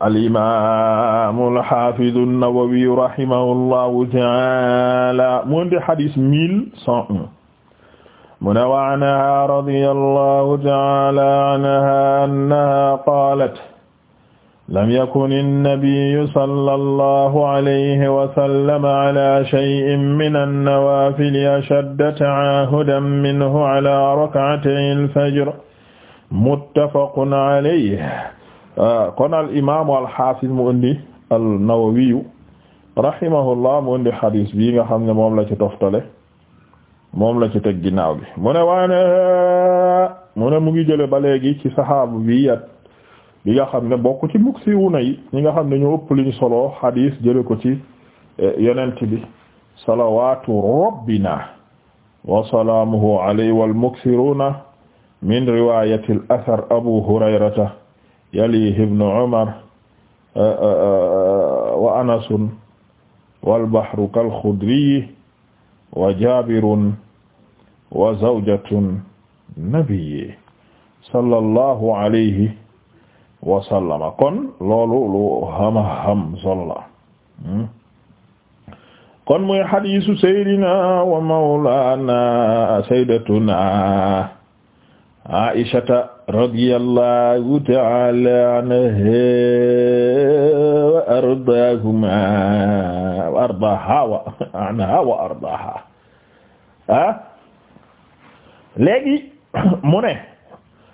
alimamu alhafidu an-Nawawi rahimahullahu taala mu ngi hadis mille cent un mu ne wa anha radiyallahu taala anha annaha qaalat lam yakun an-nabiyyu sallallahu alayhi wa sallam ala shay'in min an-nawaafili ashadda ta'aahudan minhu ala rak'atay al-fajr muttafaqun alayhi Ah, kon al imaamu al xaafis mu indi al nawawiyu rahimahullah mu indi xadis bii nga xam ne moom la ci toftale moom la ci teg ginnaaw bi mu ne waane mu ne mu ngi jële ba léegi ci saxaabu bi yat bi nga xam ne bokk ci mug si wuna ñi nga xam ne ñu ëpp liñ solo xadis jële ko ci eh, yonent bi salawaatu rabbina wa salaamuhu alayhi wal muksiruna min riwaayati al abu hurayrata yalihi ibnu umar wa anasun walbahru kalxudriyi wa jabirun wa zawjatun nabiyyi sallallahu alayhi wa sallama kon loolu lu xam-xam solo la hmm? kon muy hadiisu sayyidina wa mawlaana sayyidatuna Aisha radiyallahu ta'ala anha wa ardaahuma wa ardaaha wa anha wa ardaaha ah léegi mu ne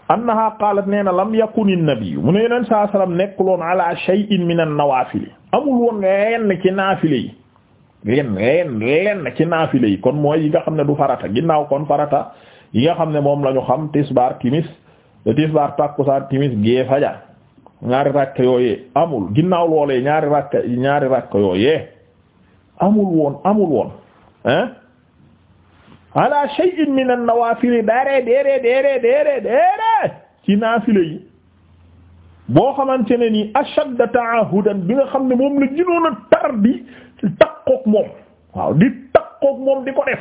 annaha qaalat nee na lam yakun an-nabi mu ne yeneen saa salaam nekkuloon ala shay'in min an-nawaafil amul woon lenn ci naafile yi lenn lenn lenn ci naafile yi kon mooy yi nga xam ne du farata ginnaaw kon farata yi nga xam ne moom la ñu xam tisbaar timis de tisbaar takkusaan timis gee fajar ñaari rakk yooyee amul ginnaaw loolee ñaari rakk ñaari rakk amul woon amul woon hein ala shay'in min an-nawafil dare dere dere dere ci naafile boo xamante ne ni ashadd ta'ahudan bi nga xam ne moom la gënoon a tar moom waaw di takkook moom di ko def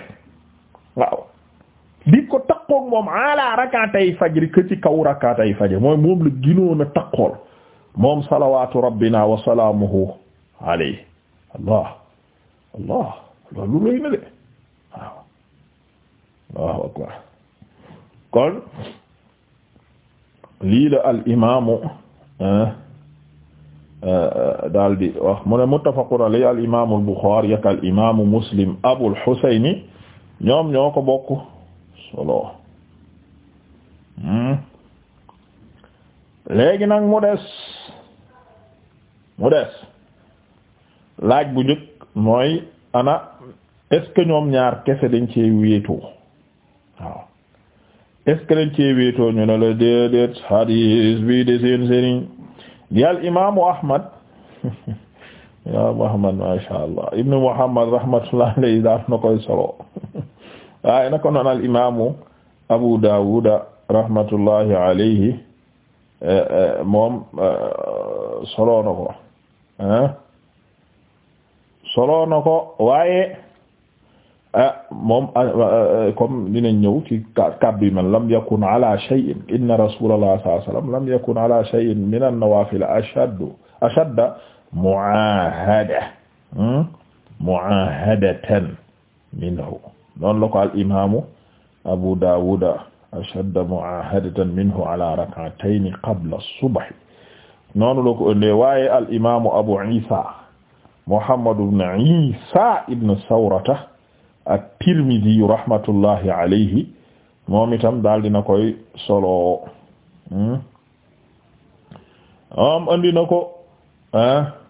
di ko takkoog moom ala rakatay fajri que ci kaw rakatay fajri mooy moom la ginoon a takkool moom salawatu rabbina wa salaamuhu alayhi allah allah loolu rëy na de waaw allahu akbar kon lii la al imaamu ah, ah, daal di wax mu ne muttafaqun alayhi al imaamu al buxaari yak al imaamu muslim abul xusayni ñoom ñoo ko bokk solo hmm? léegi nag mu des mu des laaj bu njëkk mooy ana est ñoom ñaar kese dañ cee wéetoo waaw est-ce que dañ cee wéetoo ñu ne la déedéet hadis bi de seen sëriñ di al imaamu Ahmad imaamu Ahmad ma sha Allah ibnu Muhammad rahmatullah daal na koy solo waaye nako noon al imaamu Abu Dawud rahmatullahi alayhi eh, eh, moom eh, solo na ko solo na ko waaye moom comme dinañ ñëw ci kàddu yi man lam yakun ala shay'in inna rasulullah sallallahu alayhi wasallam lam yakun ala shay'in min an-nawafil ashaddu ashadda mu'ahada hmm, mu'ahadatan minhu noonu la ko al imaamu Abu Dawud ashadda minhu ala qabla subh Abu Isa Muhammad ibn Isa ibn Sawrata at rahmatullahi alayhi moom itam daal dina koy solo moom andi na ko ah.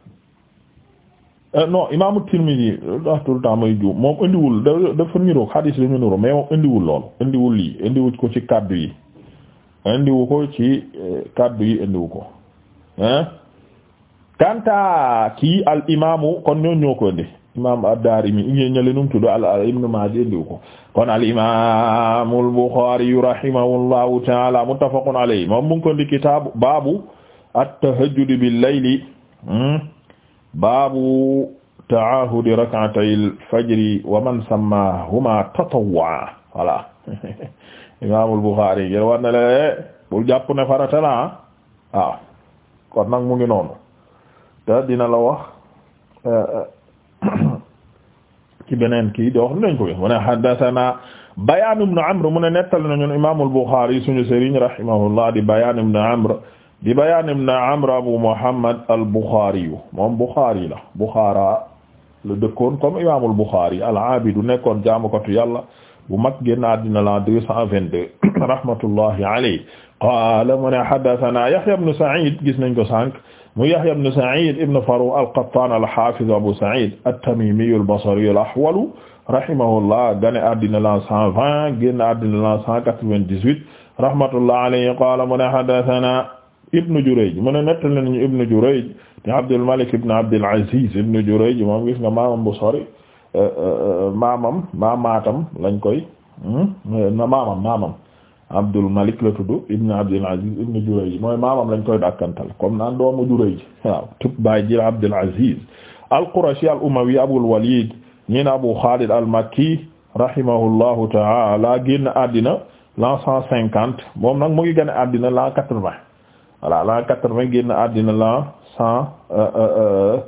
Euh, non imaamu Tirmidhi euh, daa tout le temps may juum moom indiwul dafa niroog xadiis dañu niroog mais moom indiwul lool indiwul lii indiwul ko ci kaddu yi indiwu ko ci euh, kaddu yi indiwu ko ah kanta al imaamu kon ñoo ñoo ko indi imaam ad-Daarimi ñee ñale num tudd al ibnu Maaja indiwu ko kon al imaamu al Buxaari rahimahullahu taala muttafaqun alayhi moom mu ko indi kitaabu baabu at-tahajjudi bil layli hmm? baabu taahudi rak'atay al-fajri wa man sammahuma tatawwa voilà imaamul Buxaari ngir war na lee bul jàpp ne farata la waaw kon nag mu ngi noonu te dina la wax euh, ci beneen kii di wax nañ ko ne haddathana Bayaan ibn Amr mu ne nettali nañu imaamul Buxaari suñu sëriñ rahimahullah di Bayaan ibn Amr di Bayaan ibn Amr Abu Muhammad al-Bukhari moom Bukhari la Bukhara la dëkkoon comme imaamul Bukhari al-aabidu nekkoon jaamukatu yàlla bu mag génn àddina la 222 rahmatullahi alayhi qaala mu ne haddathana Yahya ibn Sa'id gis nañ ko sànq mu Yahya ibn Sa'id ibn Farou al-Qattan al-Hafiz Abu Sa'id at-Tamimi al-Basri al-Ahwal rahimahullah gane àddina la 120 génn àddina la 198 rahmatullahi alayhi qaala mu ne haddathana ibnu Jurayj mu ne nettali nañu ibnu Jurayj te Abdul Malik ibnu Abdul Aziz ibnu Jurayj moom gis nga maamam bu sori eh, eh, eh, maamam maamaatam lañ koy hmm, na maamam maamam Abdul la tudd ibnu Abdul Aziz ibnu Jurayj maamam lañ koy dàkkantal comme naan doomu Jurayj waaw tub baay ji Abdul Aziz al-Qurashi al-Umawi Abu Khalid al-Makki rahimahullahu ta'ala génn àddina l'an cinquante moom nag mu ngi gën a l'an quatre-vingt voilà la quatre-vingt génn àddina la cent euh,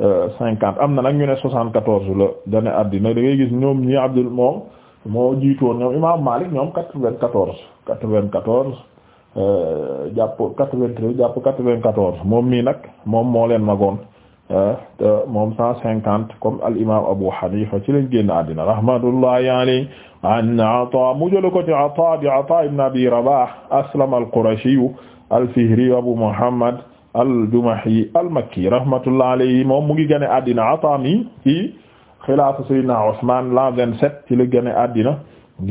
euh, euh, am na nag ñu ne soixante-quatorze la dane àddina da ngay gis ñoom ñi Abdul moom moo jiitoon ñoom imam Malik ñoom quatre-vingt-quatorze jàpp quatre vingt moom mii nag moom moo leen magoon te moom cent cinquante comme al imam Abu Hanifa ci lañ génn àddina rahmatullahi alayhi an Ata mu jël ko ci Ata di Ata ibn Abi Rabah Aslam al-Qurashi al-Fihri Abu Muhammad al-Jumahi al-Makki rahmatullah alayhi moom mu ngi gane addina atami ci xilaafa Sayyidina Usman l'an 27 ci la gane addina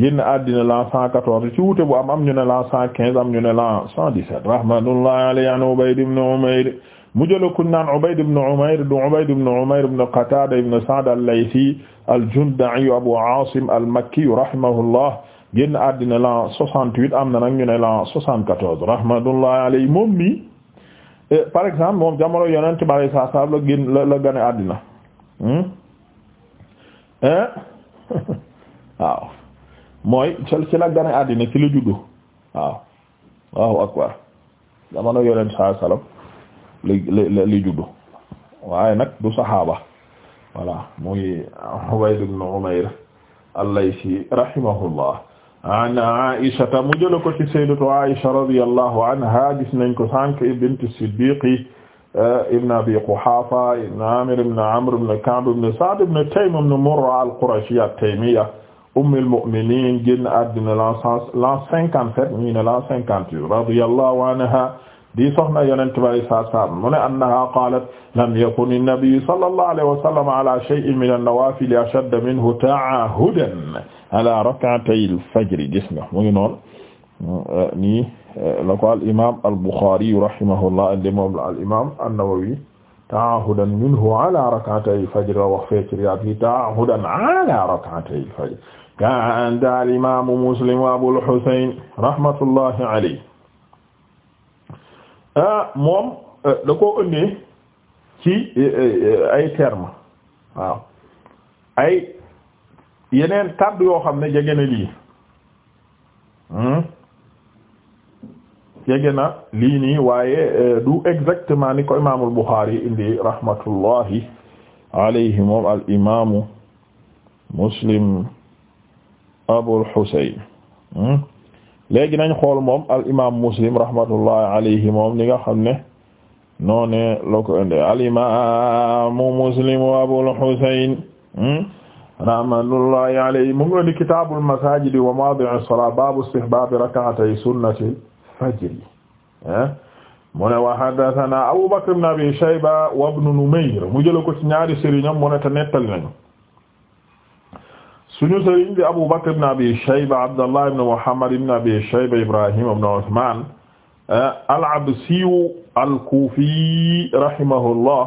génn addina l'an 114 ci wuute bu am am ñu ne l'an 115 am ñu ne l'an 117 rahmatullahi alayhi an Ubayd ibn Umayr mu jël ku naan Ubayd ibn Umayr du Ubayd ibn Umayr ibn Qatada ibn Sa'd al-Laythi al-Jundai Abu Asim al-Makki rahimahullah génn àddina l'an 68 am na nag ñu ne l'an 74 rahmatullahi alayhi moom mi eh, par exemple moom jamono yonent bari saa saa la génn la la gane àddina hmm? eh? waaw mooy ci la gane àddina ci la juddu waaw waaw akbar jamono yonent saa li li li juddu waaye nag du saxaaba voilà muy Ubayd ibn Umayr al-Laythi rahimahullah an aishata mu jëla ko ci sayyidatu aisha radiyallahu anha gis nañ ko sànq bint siddiqi ibn abi quhafa ibn amir ibn amr ibn ka'b ibn sa'd ibn taym ibn murra al-qurashiyya at-taymiyya ummul mu'minin génn àddina l'an cinquante-sept ñii ne l'an cinquante-huit radiyallahu anha di soxna yonent bi alayhi salaatu salaam mu ne annaha qaalat lam yakun an-nabi sallallahu alayhi wa sallam ala shay'in min an-nawaafil ashadda minhu ta'aahudan ala rak'atay al-fajr gis nga mu ngi noonu nii la ko al-imaam al-Buxaari rahimahullah indi moom la al-imaam an-Nawawi ta'aahudan minhu ala rak'atay al-fajr wax fee ci Riyaad bi ta'aahudan ala rak'atay al-fajr kaana al-imaam Muslim wa Abul Husayn rahmatullahi alayhi Ah, moom euh, da ko ci euh, euh, ay term waaw ay yeneen kàddu yoo xam ne jege na lii hmm? jege na lii nii waaye du exactement ni ko imaamul Buxaari indi rahmatullahi alayhi moom al imaamu Muslim Abul Husayn hmm? léegi nañ xool moom al imaam muslim rahmatullahi alayhi moom ni nga xam ne noone la ko inde al imaamu muslim wa abul husayn hmm? rahmatullahi alayhi mu ngi indi kitaabul masaajidi wa maadi'is salaat baabu istihbaabi rak'atay sunnati fajri eh? mu ne wa haddathanaa Abu Bakr ibn Abi Shayba wa ibn Numayr mu jël ko ci ñaari sëriñam mu ne te nettali nañu suñu sëriñ bi Abu Bakr ibn Abi Shayba Abdallah ibn Muhammad ibn Abi Shayba Ibrahim ibn Uthman eh, al-Absi al-Kufi rahimahullah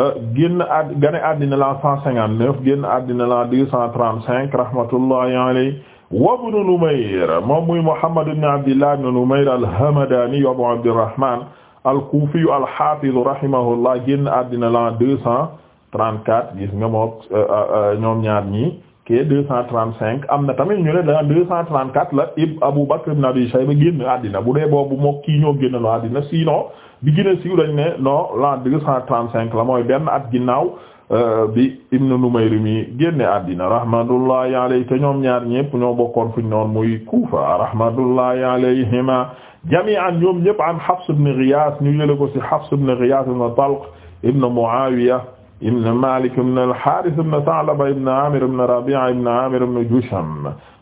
eh, génn ad gane àddina la cent cinquante neuf génn àddina la deux cent trente cinq rahmatullahi alayhi wa ibn Numayr moom muy Muhammad ibn Abdillah ibn Numayr al-Hamadani Abu Abdirrahman al-Kufi al-Hafiz rahimahullah génn àddina la deux cent trente quatre gis nga moom eh, ñoom ñaar ñi k deux cent trente am na tamit ñu ne da deux cent trente quatre la ib Abu Bakr ibn Abi Shayba génn àddina bu dee boobu moo kii ñoo génn no àddina sinon bi gën a siiw dañ ne non l'an deux cent la mooy benn at ginnaaw euh, bi Ibn Numayr mi génne àddina rahmatullahi alayhi te ñoom ñaar ñëpp ñoo bokkoon fuñ noon muy Kufa rahmatullahi alayhima jami'an ñoom ñëpp an Hafs ibn Ghiyath ñu yële ko ci Hafs ibn Ghiyath ibn Talq ibn Muawiya ibn Malik ibn al-Harith ibn Tha'laba ibn Amir ibn Rabi'a ibn Amir ibn Jusham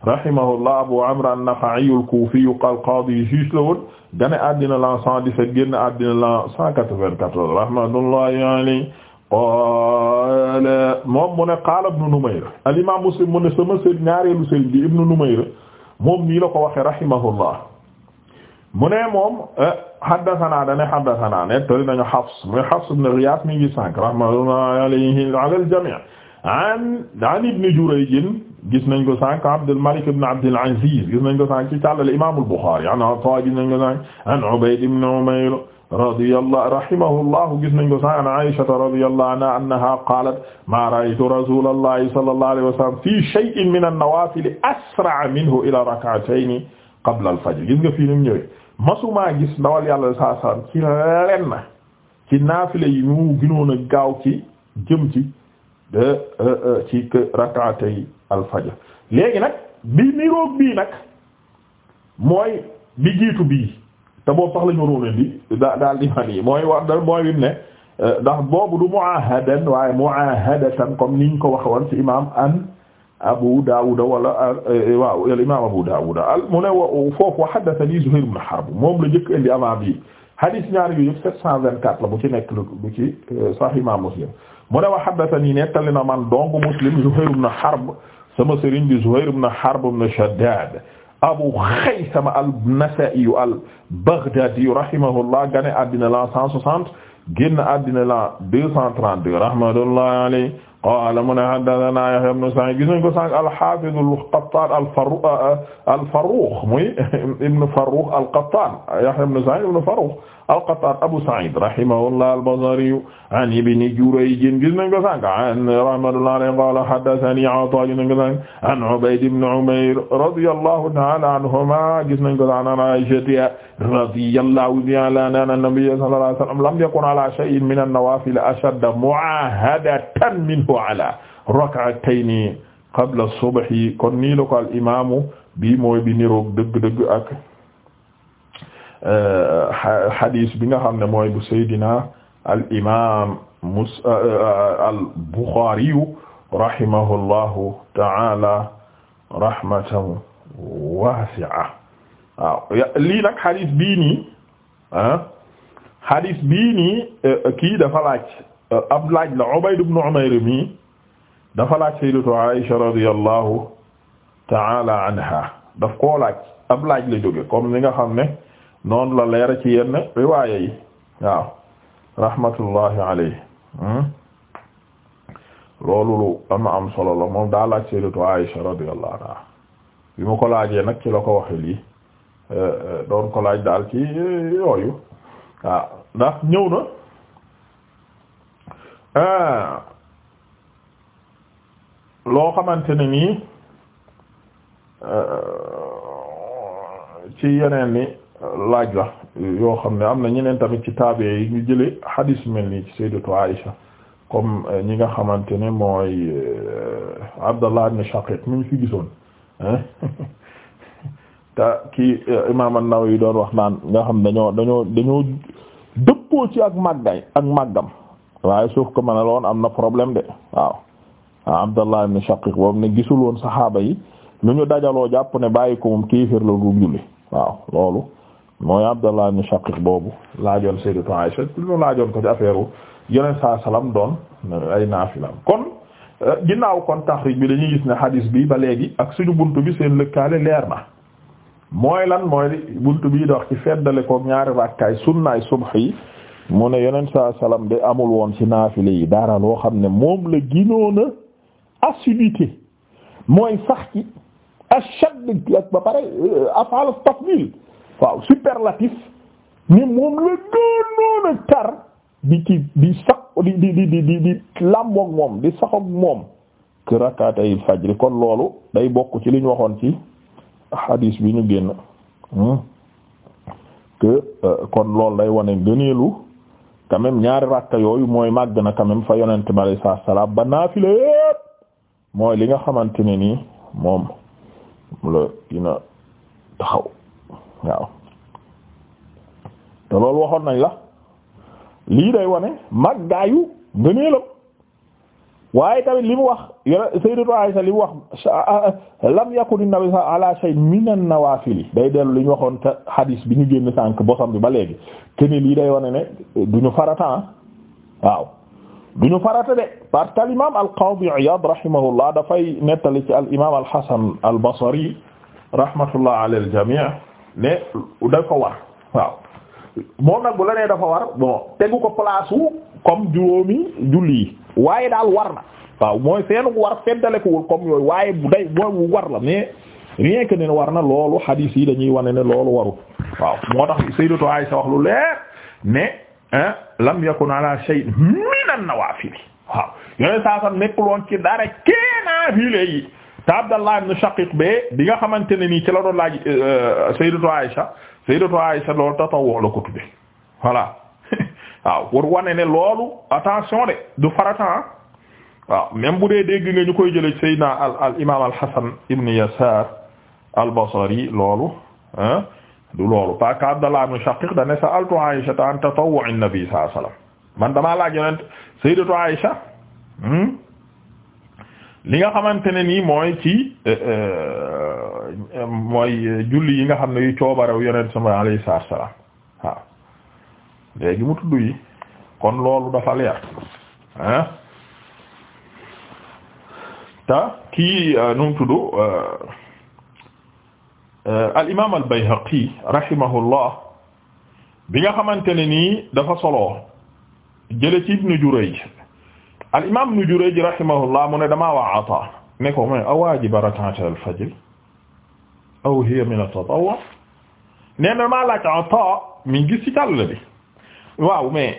rahimahullah Abu Amr an-Nakha'i al-Kufi qal qadi juge la woon gane àddina la 117 génn àddina la 194 rahmatullahi alayhi qaala moom mu ne qaala ibn Numayr al-imam Muslim mu ne sama sëriñ ñaareelu sëriñ bi ibn Numayr moom nii la ko waxee rahimahullah mu ne moom eh, haddathana dane haddathana nettali nañu Hafs muy Hafs ibn Ghiyath mi ngi sànq rahmatullahi alayhi ala al-jami' an an ibn Jurayj gis nañ ko sànq Abdul Malik ibn Abdul Aziz gis nañ ko sànq ci tallal Imam al-Bukhari an Ata gis nañ ko sànq an Ubayd ibn Umayr radiyallahu rahimahullahu gis nañ ko sànq an Aisha radiyallahu anha annaha qalat ma ra'aytu rasulallahi sallallahu alayhi wa sallam fi shay'in min an-nawafil asra'a minhu ila rak'atayn qabla al-fajr gis nga fii ni mu ñëwee masumaa gis ndawal yàlla saa salaam ci lenn ci naafile yi mu gënoon gaaw ci jëm ci de euh, euh, ci rakaatay alfajar léegi nag bi niroog bii nag mooy bi jiitu bii te boobu sax la ñu waroon da daal di man yi mooy wax mooy wim ne euh, ndax boobu du muahadan waaye muahadatan comme niñ ko waxe woon ci imam an Abu Dawud wala eh, waaw al-imaam Abu Dawud al mu ne foofu wa haddathanii Zuhayr ibn Harb moom la njëkk a indi avant bi hadith ñaari yu yëpp 724 la bu ci nekk lu ci eh, Sahih Imaam Muslim mu ne wa haddathanii nettali na man dong Muslim Zuhayr ibn Harb sama sëriñ di Zuhayr ibn Harb ibn Shaddad Abu Khaythama an-Nasaa'i al-Baghdaadi rahimahullah gane àddina la 160 génn àddina la 232 rahmatullahi alayhi qaala mu ne haddasanaa Yahyaa ibnu Sa'iid gis nañ ko sànq al-Haafiz al-Qattaan al-Farruux al-Farruux muy ibnu Farruux al-Qattaan Yahyaa ibnu Sa'iid ibnu Farruux al-Qattan Abu Sa'id rahimahullah al-Basri an Ibn Jurayj gis nañ ko sànq an rahmatullah alayhi qala haddathani Ata gis nañ ko sànq an Ubayd ibn Umayr radiyallahu ta'ala anhuma gis nañ ko sànq an Aisha radiyallahu ta'ala anha anna nabiyya sallallahu alayhi wa sallam lam yakun ala shay'in min an-nawafil ashadda mu'ahadatan minhu ala rak'atayn qabla as-subh kon nii la ko al imaam bi mooy bi niroog dëgg-dëgg ak xadis euh, bi nga xam ne mooy bu saydina al imaam mus euh, al buxaariyu rahimahullahu taala rahmatan waasi'a waaw lii nag xadis bii nii ah xadis bii nii euh, kii dafa laaj ab laaj la Ubayd ibn Umayr mi dafa laaj sayyidatu Aïsha radiyallahu taala anha daf koo laaj ab laaj la jóge comme ni nga xam ne noonu la leera ci yenn riwaaya yi waaw rahmatullahi alayhi hmm? loolu lu am am solo la moom daa laaj sayyidatu Aisha radiyallahu anha bi ma ko laajee nag ci la ko waxe lii eh, eh, doon ko laaj daal ci eh, yooyu waaw ah, ndax ñëw na ah, loo xamante ne nii ci yeneen ni laaj la yoo xam ne am na ñeneen tamit ci taabe yi ñu jële hadis mel nii ci sayyidatu Aisha comme euh, ñi nga xamante ne mooy euh, Abdallah ibn Shaqiq ñu fi gisoon te kii euh, imaam naw yi doon wax naan nga xam dañoo dañoo dañoo dëppoo ci ak màggay ak màggam waaye suuf ko mën a loon am na problème de waaw ah, Abdallah ibn Shaqiq boobu ne gisul woon saxaaba yi lu ñu dajaloo jàpp ne bàyyi ko moom kéefër la du julli waaw loolu mooy Abdallah ibn Shaqiq boobu laajoon Sayyidatu Aisha lu laajoon ko ci affaire yeneen saa salaam doon ay naafilam kon euh, ginnaaw kon taxrij bi dañuy gis ne hadis bi ba léegi ak suñu buntu bi seen lëkkaale leer na mooy lan mooy bunt bi dox ci feddale ko ñaari rakkaay sunnaay subh yi mu ne yeneen sa salaam de amul woon ci naafile yi dara loo xam ne moom la ginoona assiduité mooy sax ci ashad ba pare euh, afal tafdil waaw superlatif ni moom la gënoon a tar di di sax di di di di làmboog moom di saxoog moom que rakatay fajri kon loolu day bokk ci li waxoon ci hadis bi ñu génn hmm, euh, kon loolu day wone gëneelu quand ñaari rakka yooyu mooy màgg na quand fa yonent bi alayhi salaam ba naafila yépp mooy li nga xamante ne nii moom la dina taxaw te waxoon nañ la lii day wane màggaayu ngëneelam waaye tamit li mu wax sayyidatu Aisha li mu wax lam yakuni nabi ala shay min an-nawafil day dellu li ñu waxoon te bi ñu génn sànk bosam bi ba léegi kene lii day wane ne du ñu farata ah. waaw du ñu farata de parce que al imam al dafay nettali ci al imam al-Hasan al ne da ko war waaw moom nag bu la nee dafa war bon tegu ko place wu comme juróomi julli waaye daal war na waaw mooy seenu war feddalekuwul comme yooyu waaye bu day mooy war la mais rien que ne war na loolu hadis yi dañuy wane ne loolu warul waaw moo tax Sayyidatu Aisha wax lu leer ne lam yakun ala shay min an-nawafil waaw yooyu saa nekkul woon ci dara keenaa fii léegi te Abdallah ibn Shaqiq be bi nga xamante ne nii ci la doon laaj euh, euh, Sayyidatu Aisha Sayyidatu Aisha loolu tatawwu la ko tudde voilà waaw wane ne loolu attention de du farata ah. waaw même bu dee dégg nga ñu koy jëlee Sayyidina al al imaam al Hasan ibn Yasaar al Basri loolu ah, du loolu parce que Abdallah ibn Shaqiq da ne sa'altu Aisha an an-nabi sallallahu alayhi wasallam man damaa laaj yonent Sayyidatu Aisha hmm? li nga xamante ne nii mooy ci euh, euh, mooy julli yi nga xam ne yu yeneen yonent sama alayhi salaam waaw léegi mu tudd yi kon loolu dafa leer te kii euh, nu mu tudd al imaam al Bayhaqi rahimahullah bi nga xamante ne nii dafa solo jële ci Ibnu Jurayj al imaam Ibnu Jurayj rahimahullah mu ne damaa waa Ataa ne ko mooy awaajiba rak'ata al fajr aw hiya min at-tatawwu nee na maa laaj Ataa mi ngi ci tàll bi waaw mais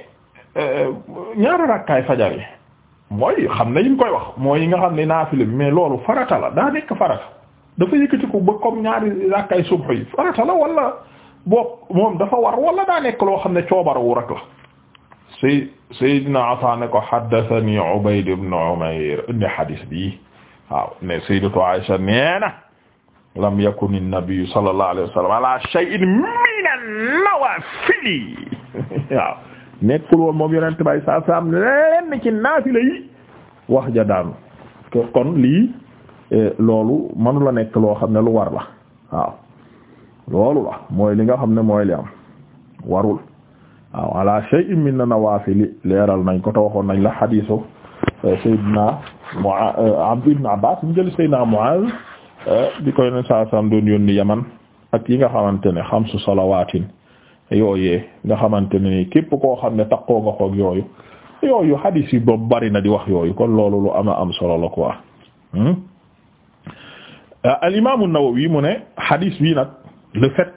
euh, ñaari rakkaay fajar yi mooy xam na yi mu koy wax mooy yi nga xam ne naafila bi mais loolu farata la daa nekk farata dafa yëkkati ko ba comme ñaari rakkaay subh yi farata la moom dafa war wala daa nekk loo xam ne coobar wu rek say Seydina Ataa ne ko haddathani Ubayd ibn Umayr indi hadis bi waaw ne Sayyidatu Aisha neena lam yakun an-nabi sallallahu alayhi wa sallam ala shay'in min an-nawafili waaw nekkul woon moom yonent bay saa saa am lenn ci naafila yi wax ja daanu kon lii eh, loolu manu la nekk loo xam ne lu war la waaw loolu la mooy li nga xam ne mooy li am warul waaw ala shay'in min na nawaafili leeral nañ ko te waxoon nañ la xadiisu eh, Seydina eh, Abd ibn Abbas mu jël Seydina Muaz eh, di koy ne saa saam doon yónni Yaman ak yi nga xamante ne xamsu salawaatin yooyee nga xamante ne képp koo xam ne takkoo nga xoog yooyu yooyu xadiis yi boobu bari na di wax yooyu kon loolu lu ama am solo la quoi hmm? al imaamu Nawawi mu ne xadiis bii nag le fait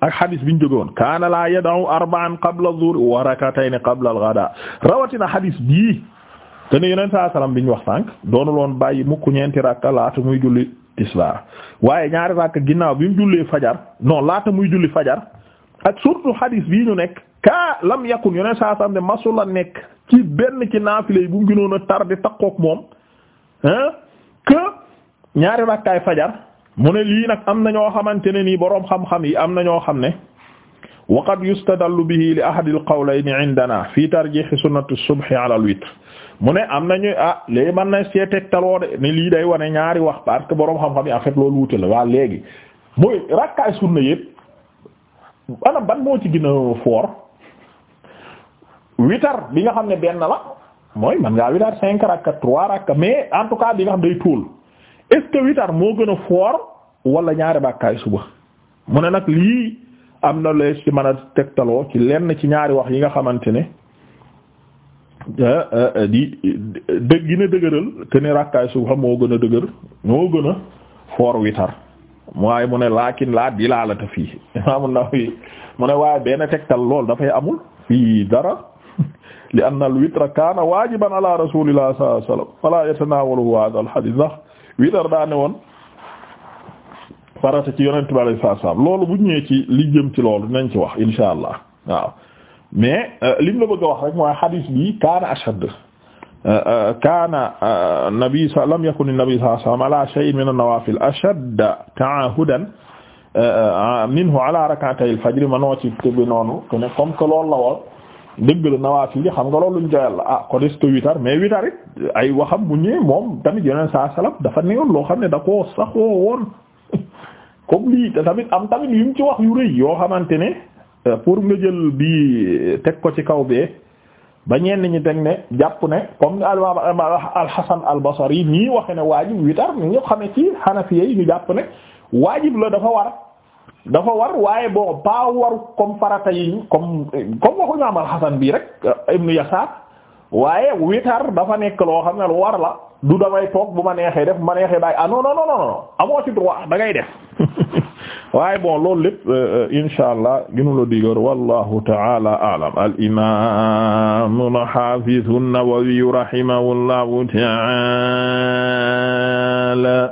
ak xadis bi ñu jóge woon kaana laa yada'u arba'an qabla zuhr wa qabla al rawatina xadis bii te ne yeneen salaam bi ñu wax sànq doonul woon bàyyi mukk ñeenti rakka laata muy julli tisbaar waaye ñaari rakka ginnaaw bi mu fajar non laata muy julli fajar ak surtout xadis bii ñu nekk kaa lam yakun yeneen saa salaam de masu nekk ci benn ci naafile yi bu mu gënoon a tardé moom ah que ñaari rakkaay fajar. mu ne lii nag am na ñoo xamante ne nii boroom xam-xam yi am na ñoo xam ne wa qad yustadallu bihi li ahadi al qawlayni indana fi tarjihi sunnati subhi ala al witr mu ne am nañu ah léegi mën na see tegtaloo de ne lii day wane ñaari wax parce que boroom xam-xam yi en fait loolu wute la waa léegi mooy rakkaay sunna yëpp ana ban moo ci gën a witar bi nga xam ne benn la mooy man nga witar cinq rakka trois rakka mais en tout cas bi nga xam day tóol est-ce moo gën a foor wala ñaari bàkkaay suba mu ne nag lii am na lees ci mën a tegtaloo ci lenn ci ñaari wax yi nga xamante ne eh, eh, di dëgg gën a dëgëral te ni rakkaay suba moo gën a dëgër moo gën a fort witar waaye mu ne laakin laa di fii imaamu Nawawi mu ne waaye benn tegtal lool dafay amul fii dara li anna al witra kaana waajiban ala rasulillah sallallahu alayhi wasallam fala yatanaawalu hadha al hadith witar daa ne woon farata ci yonent bi alayhi salaam loolu bu ñëwee ci li jëm ci loolu dinañ ci wax insha allah waaw mais euh, lim la bëgg a wax rek mooy hadith bi kaana ashad euh, euh, kaana nabi sa lam yakun nabi sallallahu alayhi wasallam ala shay'in min an-nawafil ashad ta'ahudan minhu ala rak'atay al-fajr manoo ci tëbi noonu que ne comme que loolu la woon dëgg la nawaafil yi xam nga loolu ñu joyal la ah kon est witar mais witar it ay waxam bu ñëwee moom tamit yeneen sa salab dafa newoon loo xam ne da koo saxoo woon comme lii te tamit am tamit yu mu ci wax yu rëy yoo xamante ne euh, pour nga jël bii euh, teg ko ci kaw bee ba ñenn ñi teg ne jàpp ne comme al-Hasan al-Basri yi nii waxe ne waajib witar ñëpp xam ne ci Hanafiya yi ñu jàpp ne waajib la dafa war dafa war waaye bon pas waru comme farata yi comme comme waxu imaam al-Hasan bii rek ibnu Yasaar waaye witar dafa nekk loo xam ne lu war la du damay toog bu ma neexee def bu ma neexee bàyyi ah non non non non amoo ci droit da ngay def waaye bon loolu lépp euh, insha allah gënu la digor wallahu ta'ala a'lam al imam al-hafiz an-Nawawi rahimahullahu ta'ala